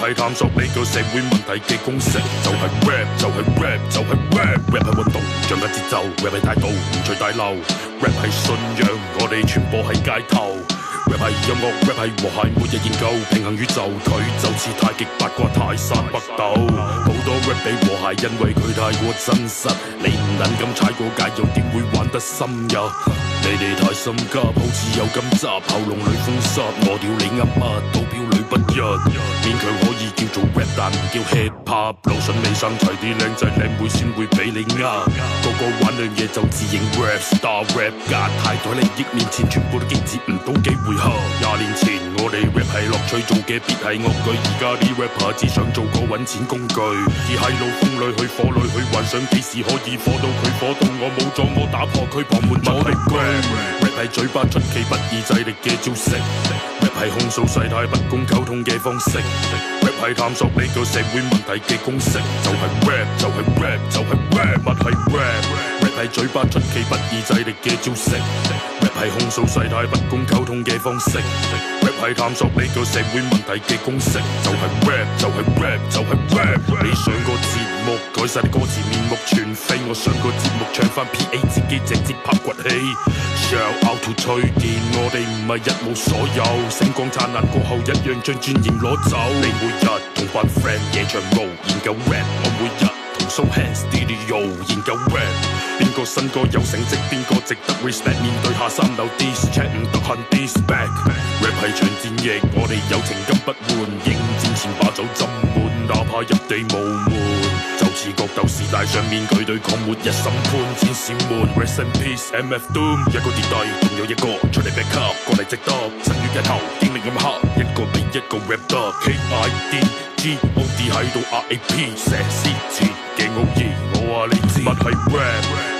係探索呢個社會問題嘅公式，就係 rap，就係 rap，就係 rap，rap 係運動，掌握節奏，rap 係大道，唔隨大流。rap 係信仰，我哋全部喺街頭。rap 係音樂，rap 係和諧，每日研究平衡宇宙。佢就似太極八卦，泰山北斗。好多 rap 唔和諧，因為佢太過真實。你唔諗咁踩過界，又點會玩得深入？你哋太心急，好似有金針，喉嚨裏封殺我，屌你噏乜都表。不一，勉強可以叫做 rap，但唔叫 hip hop。流順你生齊啲靚仔靚妹先會俾你呃。個個玩兩嘢就自認 rap star，rap 界太袋利益面前全部都接唔到機會呵。廿年前我哋 rap 係樂趣，做嘅別係惡句。而家啲 rapper 只想做個揾錢工具。而喺老公裏去火裏去，幻想幾時可以火到佢火到我冇咗，我打破佢旁門。我力大，rap 係嘴巴出其不意，制力嘅招式。係控訴世態不公溝通嘅方式，rap 係探索呢個社會問題嘅公式，就係 rap，就係 rap，就係 rap，乜係 rap，rap 係嘴巴出其不意制敵嘅招式，rap 係控訴世態不公溝通嘅方式。係探索呢個社會問題嘅公式，就係 rap，就係 rap，就係 rap, rap。你上個節目改晒啲歌詞面目全非，我上個節目唱翻 P A 自己直接拍骨氣。Shout out to 崔健，我哋唔係一無所有，星光燦爛過後一樣將尊嚴攞走。你每日同班 friend 野場無研究 rap，我每日同 So Hands Studio 研究 rap。邊個新歌有成績，邊個值得 respect？面對下三樓 dis check 唔得閒 dis back。rap 係場戰役，我哋有情金不換，應戰前把酒斟滿，哪怕入地無門。就似角鬥士戴上面佢對抗末日心歡，天使門 rest in peace mf doom。一個跌低，仲有一個出嚟 back up，過嚟值得身如日頭，經歷咁黑，一個比一個 rap 得 p K I D G O D 喺度 rap，寫詩詞嘅奧義，我話你知乜係 rap。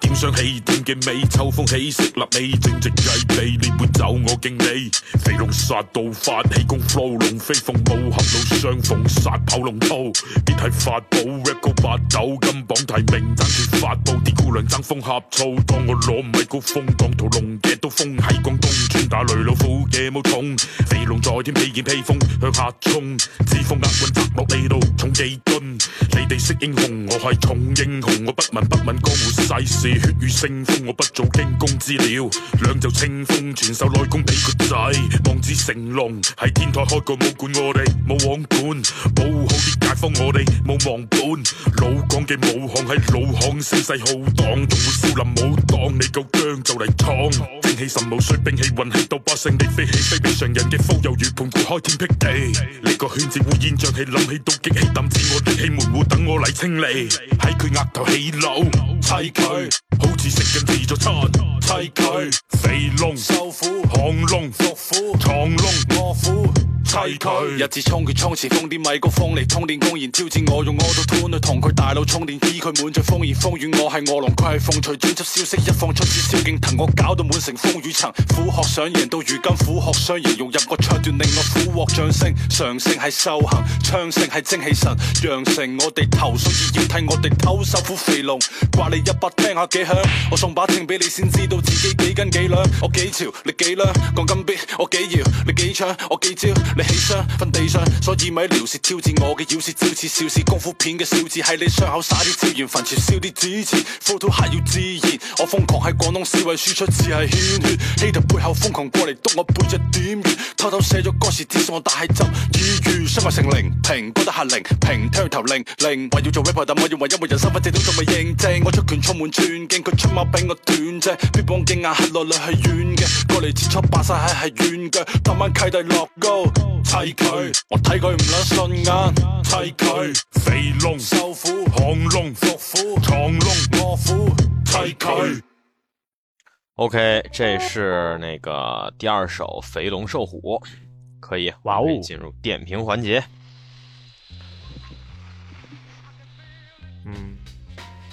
點雙喜，點劍美，秋風起，食臘味，正直雞髀，呢杯酒我敬你。肥龍殺到發氣功，flow，龍飛鳳舞，狹路相逢殺跑龍套。別睇法寶，rap 到八九，金榜題名爭住發布。啲姑娘爭風呷醋，當我攞唔係高峰，當屠龍嘅刀鋒，喺廣東專打雷老虎，野冇蟲。肥龍在天披件披風，向下衝，紫風壓斷賊路，你度重幾斤？你哋識英雄，我係重英雄，我不聞不問江湖事。血雨腥風，我不做驚弓之鳥。兩袖清風，傳授內功俾個仔。望子成龍，喺天台開個武館，我哋冇黃冠，保護好啲街坊我哋冇忘本。老港嘅武行喺老巷聲勢浩蕩，仲會少林武當，你夠姜就嚟闖。精氣神冇衰，兵器運氣到把勝利飛起，飛比常人嘅風，又如盤古開天闢地。你個圈子烏煙瘴氣，諗起到極氣，甚至我啲氣門戶等我嚟清理，喺佢額頭起樓，砌佢。好似食緊自助餐，砌佢肥龍受虎，降、龍伏虎，藏龍臥虎，砌佢日子衝佢衝前放啲米高風嚟充電，公然挑戰我用我到吞去同佢大佬充電，知佢滿嘴風言風語，我係臥龍，佢係鳳雛。專輯消息一放出，知蕭敬騰我搞到滿城風雨層，虎鶴想贏。到如今，虎鶴雙贏，融入個唱段令我虎獲掌聲。長勝係修行，唱聲係精氣神，羊城我哋頭，所以要替我哋偷收虎肥龍，刮你一把聽下。幾香我送把秤俾你先知道自己幾斤幾兩。我幾潮，你幾涼；講我幾搖，你幾槍；我幾招,招，你起槍瞓地上。所以咪聊舌挑戰我嘅，妖舌，招似笑是功夫片嘅笑字喺你傷口灑啲硝煙，焚燒啲紙錢。p h o 要自然，我瘋狂喺廣東四圍輸出，只係獻血。希特背後瘋狂過嚟督我背脊點穴，偷偷寫咗歌詞貼送我大氣針耳穴，傷害成零平，不得嚇零平，聽頭令，令為要做 rapper 但我認為因為人身份證都仲未認證，我出拳充滿斷佢出馬俾我斷啫。必幫鏡眼係內裏係軟嘅，過嚟接觸白晒係係軟嘅。今晚契弟落高砌佢，我睇佢唔撚順眼砌佢。肥龍瘦虎，降龍伏虎，藏龍臥虎，砌佢。OK，這是那個第二首《肥龍瘦虎》，可以哇哦，進入點評環節。